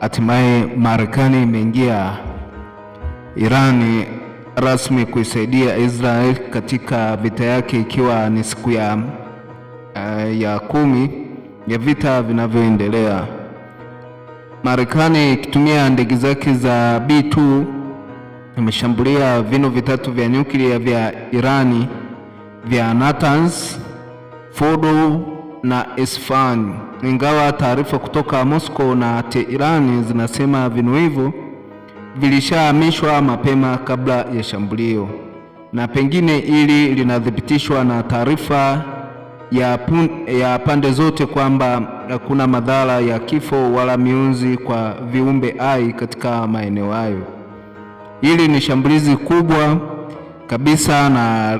Hatimaye Marekani imeingia Irani rasmi kuisaidia Israel katika vita yake ikiwa ni siku ya, uh, ya kumi ya vita vinavyoendelea. Marekani ikitumia ndege zake za B2 imeshambulia vinu vitatu vya nyuklia vya Irani vya Natanz, Fordo na Isfahani, ingawa taarifa kutoka Moscow na Teherani zinasema vinu hivyo vilishahamishwa mapema kabla ya shambulio, na pengine ili linathibitishwa na taarifa ya, ya pande zote kwamba hakuna madhara ya kifo wala miunzi kwa viumbe hai katika maeneo hayo. Hili ni shambulizi kubwa kabisa na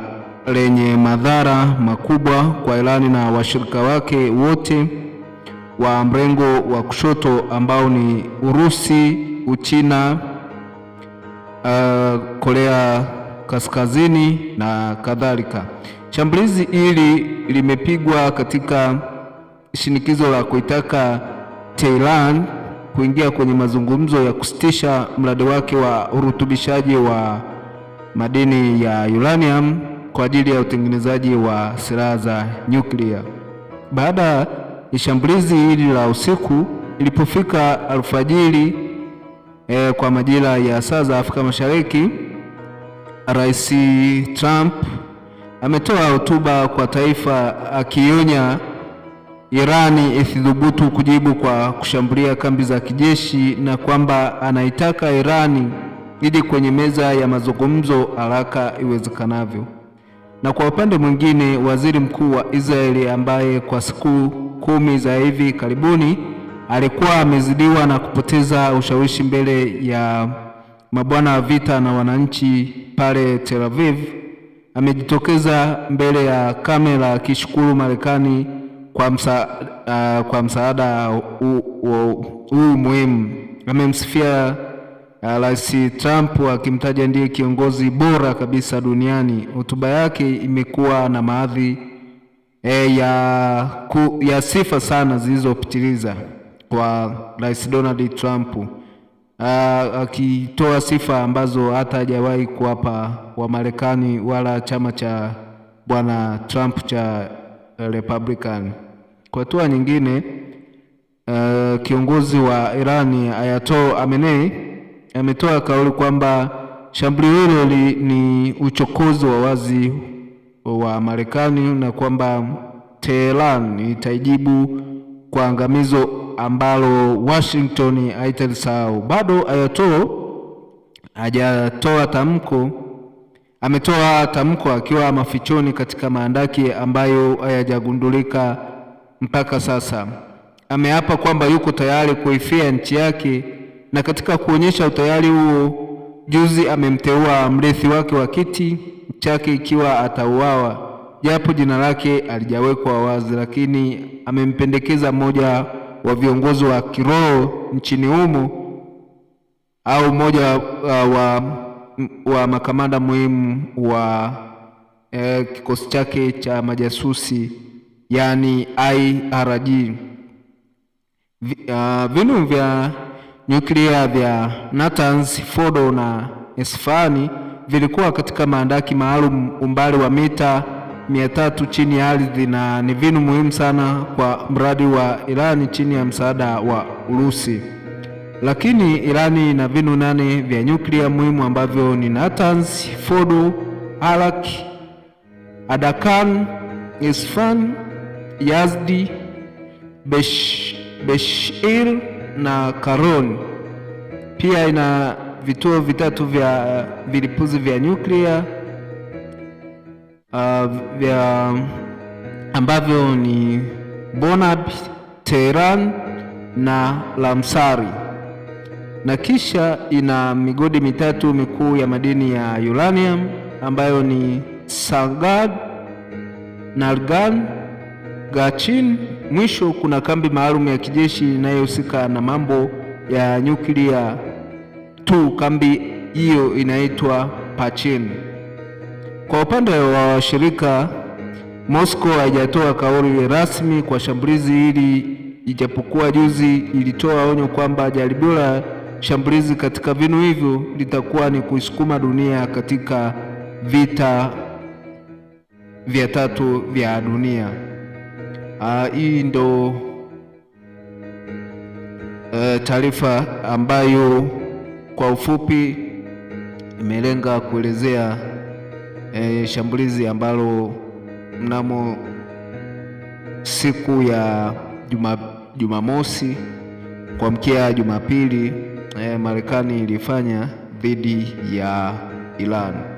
lenye madhara makubwa kwa Irani na washirika wake wote wa mrengo wa kushoto ambao ni Urusi, Uchina, uh, Korea Kaskazini na kadhalika. Shambulizi hili limepigwa katika shinikizo la kuitaka Tehran kuingia kwenye mazungumzo ya kusitisha mradi wake wa urutubishaji wa madini ya uranium kwa ajili ya utengenezaji wa silaha za nyuklia. Baada ya shambulizi hili la usiku, ilipofika alfajiri e, kwa majira ya saa za Afrika Mashariki, Rais Trump ametoa hotuba kwa taifa akionya Irani isithubutu kujibu kwa kushambulia kambi za kijeshi na kwamba anaitaka Irani ili kwenye meza ya mazungumzo haraka iwezekanavyo. Na kwa upande mwingine, waziri mkuu wa Israeli ambaye kwa siku kumi za hivi karibuni alikuwa amezidiwa na kupoteza ushawishi mbele ya mabwana wa vita na wananchi pale Tel Aviv amejitokeza mbele ya kamera akishukuru Marekani kwa, msa, uh, kwa msaada huu uh, uh, uh, muhimu. Amemsifia Eh, Rais Trump akimtaja ndiye kiongozi bora kabisa duniani, hotuba yake imekuwa na maadhi e, ya, ku, ya sifa sana zilizopitiliza kwa Rais Donald Trump eh, akitoa sifa ambazo hata hajawahi kuwapa Wamarekani wala chama cha bwana Trump cha Republican. Kwa hatua nyingine, a, kiongozi wa Irani Ayatollah Khamenei ametoa kauli kwamba shambulio hilo ni uchokozi wa wazi wa Marekani na kwamba Tehran itajibu kwa angamizo ambalo Washington haitalisahau. Bado Ayatollah hajatoa tamko, ametoa tamko akiwa mafichoni katika maandaki ambayo hayajagundulika mpaka sasa. Ameapa kwamba yuko tayari kuifia nchi yake na katika kuonyesha utayari huo, juzi amemteua mrithi wake wa kiti chake ikiwa atauawa, japo jina lake alijawekwa wazi, lakini amempendekeza mmoja wa viongozi wa kiroho nchini humo au mmoja uh, wa, wa makamanda muhimu wa eh, kikosi chake cha majasusi yani IRG. Uh, vinu vya nyuklia vya Natanz, Fordo na Isfahani vilikuwa katika maandaki maalum umbali wa mita 300 chini ya ardhi na ni vinu muhimu sana kwa mradi wa Irani chini ya msaada wa Urusi. Lakini Irani ina vinu nane vya nyuklia muhimu ambavyo ni Natanz, Fordo, Arak, Adakan, Isfahani, Yazdi, Besh, Beshir na Karoni. Pia ina vituo vitatu vya vilipuzi vya nyuklia uh, vya ambavyo ni Bonab, Tehran na Lamsari, na kisha ina migodi mitatu mikuu ya madini ya uranium ambayo ni Sangan, Nargan Gachin. Mwisho kuna kambi maalum ya kijeshi inayohusika na mambo ya nyuklia tu. Kambi hiyo inaitwa Pachin. Kwa upande wa washirika, Moscow haijatoa kauli rasmi kwa shambulizi hili, ijapokuwa juzi ilitoa onyo kwamba jaribio la shambulizi katika vinu hivyo litakuwa ni kuisukuma dunia katika vita vya tatu vya dunia. Ah, hii uh, ndo uh, taarifa ambayo kwa ufupi imelenga kuelezea uh, shambulizi ambalo mnamo siku ya juma, Jumamosi kuamkia Jumapili eh, Marekani ilifanya dhidi ya Iran.